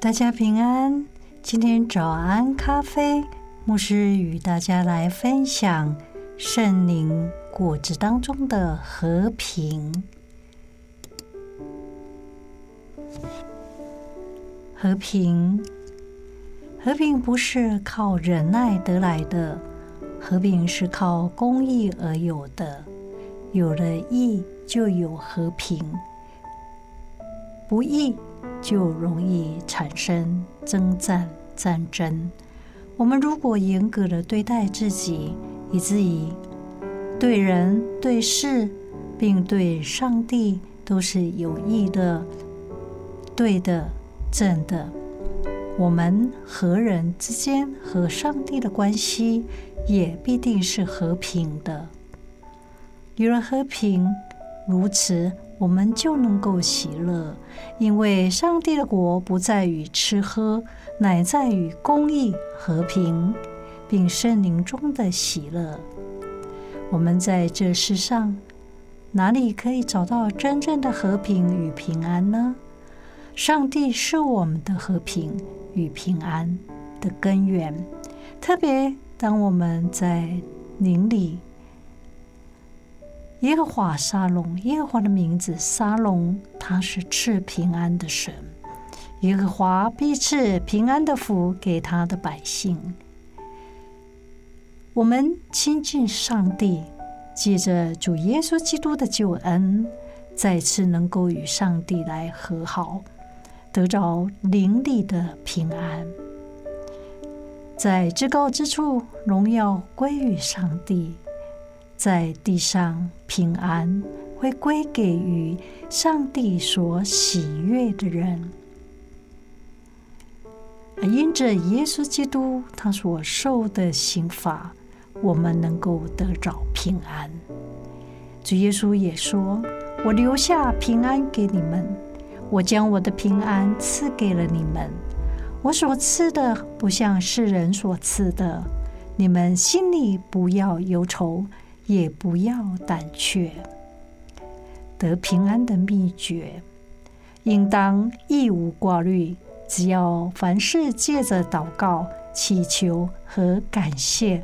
大家平安，今天早安咖啡，牧師與大家來分享聖靈果子當中的和平。和平，和平不是靠忍耐得來的，和平是靠公義而有的，有了義就有和平。不義，就容易產生征戰、戰爭。我們如果嚴格的對待自己，以至於對人、對事，並對上帝都是有益的、對的、正的，我們和人之間和上帝的關係也必定是和平的。與人和平，如此。我們就能夠喜樂，因為上帝的國不在於吃喝，乃在於公義和平，並聖靈中的喜樂。我們在這世上哪裡可以找到真正的和平與平安呢？上帝是我們的和平與平安的根源，特別當我們在靈裡。耶和華沙龍，耶和華的名字沙龍，他是賜平安的神。耶和華必賜平安的福給他的百姓。我們親近上帝，借着主耶穌基督的救恩，再次能夠與上帝來和好，得着靈裡的平安。在至高之處，榮耀歸於上帝。在地上平安會歸給於上帝所喜悅的人。因着耶穌基督他所受的刑罰，我們能夠得着平安。主耶穌也說：“我留下平安給你們，我將我的平安賜給了你們。我所賜的不像世人所賜的，你們心裡不要憂愁。”也不要膽怯，得平安的秘訣，應當一無掛慮。只要凡事借着禱告、祈求和感謝，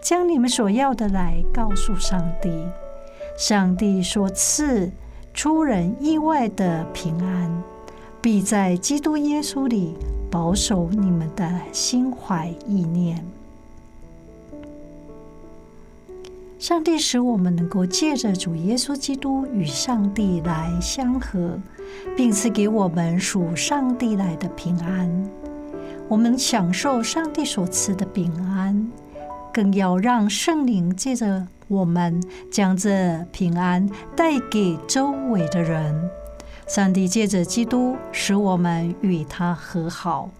將你們所要的來告訴上帝。上帝所賜出人意外的平安，必在基督耶穌裡保守你們的心懷意念。上帝使我們能夠借着主耶穌基督與上帝來相合，並賜給我們屬上帝來的平安。我們享受上帝所賜的平安，更要讓聖靈借着我們將這平安帶給周圍的人。上帝借着基督使我們與他和好，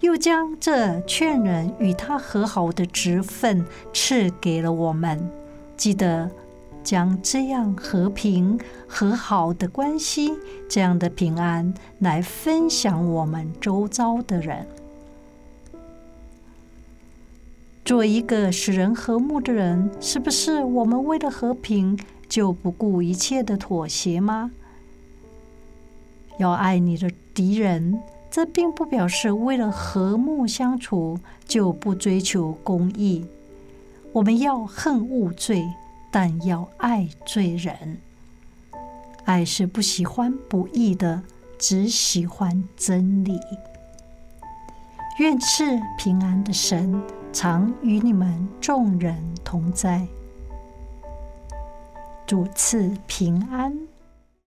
又將這勸人與他和好的職分賜給了我們。記得將這樣和平和好的關係，這樣的平安來分享我們周遭的人。做一個使人和睦的人，是不是我們為了和平就不顧一切的妥協嗎？要愛你的敵人，這並不表示為了和睦相處就不追求公義。我們要恨惡罪，但要愛罪人。愛是不喜歡不義的，只喜歡真理。願賜平安的神常與你們眾人同在。主賜平安。